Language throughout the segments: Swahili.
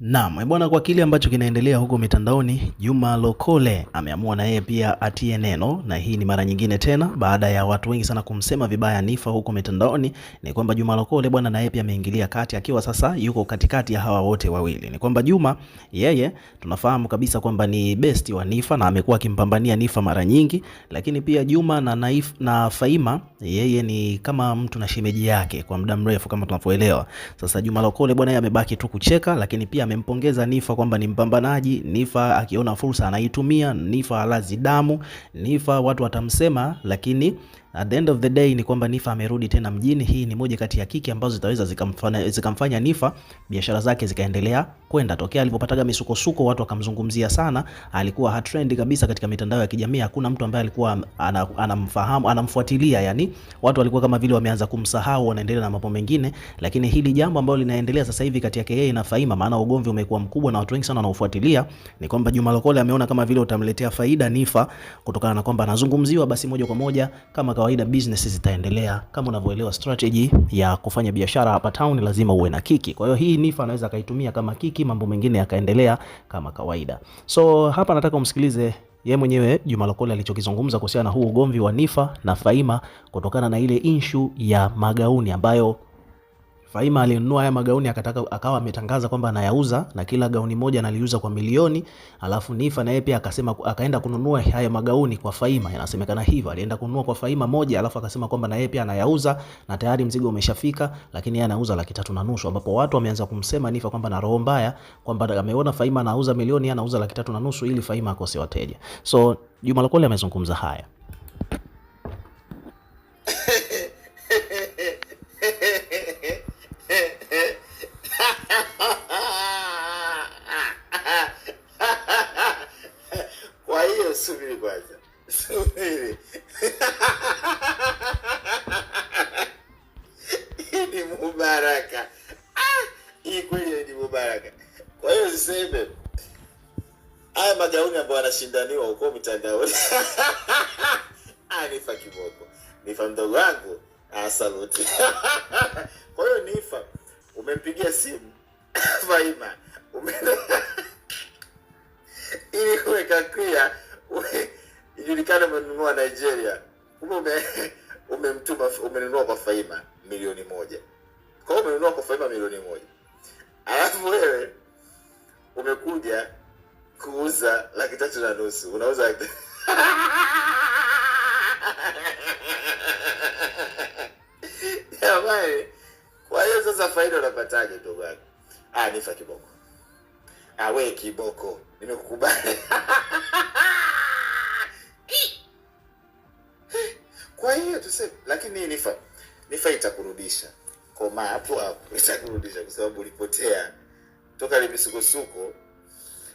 Naam, eh, bwana, kwa kile ambacho kinaendelea huko mitandaoni, Juma Lokole ameamua na yeye pia atie neno, na hii ni mara nyingine tena baada ya watu wengi sana kumsema vibaya Nifa huko mitandaoni. Ni kwamba Juma Lokole bwana, na yeye pia ameingilia kati, akiwa sasa yuko katikati ya hawa wote wawili. Ni kwamba Juma yeye tunafahamu kabisa kwamba ni besti wa Nifa na amekuwa akimpambania Nifa mara nyingi, lakini pia Juma na Naif, na Faima yeye ni kama mtu na shemeji yake kwa muda mrefu kama tunavyoelewa. Sasa Juma Lokole bwana, yeye amebaki tu kucheka, lakini pia amempongeza Nifa kwamba ni mpambanaji. Nifa akiona fursa anaitumia, Nifa alazi damu, Nifa watu watamsema, lakini At the end of the day ni kwamba Nifa amerudi tena mjini. Hii ni moja kati ya kiki ambazo zitaweza zikamfanya, zikamfanya Nifa biashara zake zikaendelea kwenda. Tokea alipopataga misukosuko, watu wakamzungumzia sana, alikuwa hot trend kabisa katika mitandao ya kijamii. Hakuna mtu ambaye alikuwa anamfahamu, anamfuatilia, yani watu walikuwa kama vile wameanza kumsahau, wanaendelea na mambo mengine, lakini hili jambo ambalo linaendelea sasa hivi kati yake yeye na Faima, maana ugomvi umekuwa mkubwa na watu wengi sana wanaofuatilia, ni kwamba Juma Lokole ameona kama vile utamletea faida Nifa kutokana na kwamba anazungumziwa, basi moja kwa moja kama kawaida business zitaendelea. Kama unavyoelewa strategy ya kufanya biashara hapa town, lazima uwe na kiki. Kwa hiyo hii nifa anaweza akaitumia kama kiki, mambo mengine yakaendelea kama kawaida. So hapa nataka umsikilize ye mwenyewe Juma Lokole alichokizungumza kuhusiana na huu ugomvi wa nifa na Faima kutokana na ile issue ya magauni ambayo Fahima alinunua haya magauni akataka, akawa ametangaza kwamba anayauza na kila gauni moja analiuza kwa milioni. Alafu Nifa na yeye pia akasema akaenda kununua haya magauni kwa Faima, inasemekana hivyo alienda kununua kwa Faima moja, alafu akasema kwamba na yeye pia anayauza na tayari mzigo umeshafika, lakini yeye anauza laki tatu na nusu, ambapo watu wameanza kumsema Nifa kwamba na roho mbaya, kwamba ameona Faima anauza milioni, yeye anauza laki tatu na nusu ili Faima akose wateja. So Juma Lokole amezungumza haya. baraka. Ah, hii kweli Eid Mubaraka. Kwa hiyo siseme haya magauni ambayo anashindaniwa huko mitandaoni ah, Nifa kiboko, Nifa mdogo wangu ah, kwa hiyo Nifa umempigia simu Faima ume ili kuweka clear ijulikane umenunua Nigeria, ume umemtuma umenunua kwa Faima milioni moja. Kwa umenunua kwa faida milioni moja, alafu wewe umekuja kuuza laki tatu na nusu, unauza laki jamani. Kwa hiyo sasa faida unapataje ndugu yangu? Ah, nifa kiboko. Ah, we kiboko, nimekukubali kwa hiyo tuseme, lakini nifa nifa itakurudisha koma hapo hapo, nitakurudisha kwa sababu ulipotea toka ile misukosuko,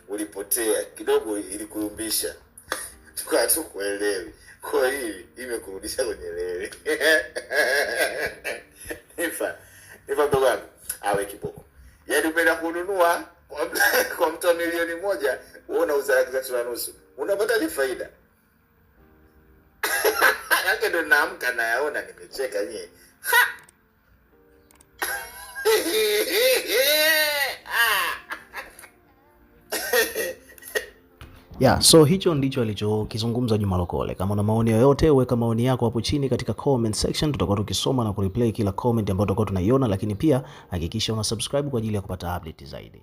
ulipotea kidogo, ilikuyumbisha tukawa tu kuelewi. Kwa hiyo imekurudisha kwenye lele nifa nifa, mdogo wangu awe kiboko, yaani umeenda kununua kwa mtu wa milioni moja, uona uzalaki laki tatu na nusu, unapata ni faida yake. Ndo naamka nayaona, nimecheka nyie. Yeah, so hicho ndicho alichokizungumza Juma Lokole. Kama una maoni yoyote, weka maoni yako hapo chini katika comment section, tutakuwa tukisoma na kureplay kila comment ambayo tutakuwa tunaiona, lakini pia hakikisha una subscribe kwa ajili ya kupata update zaidi.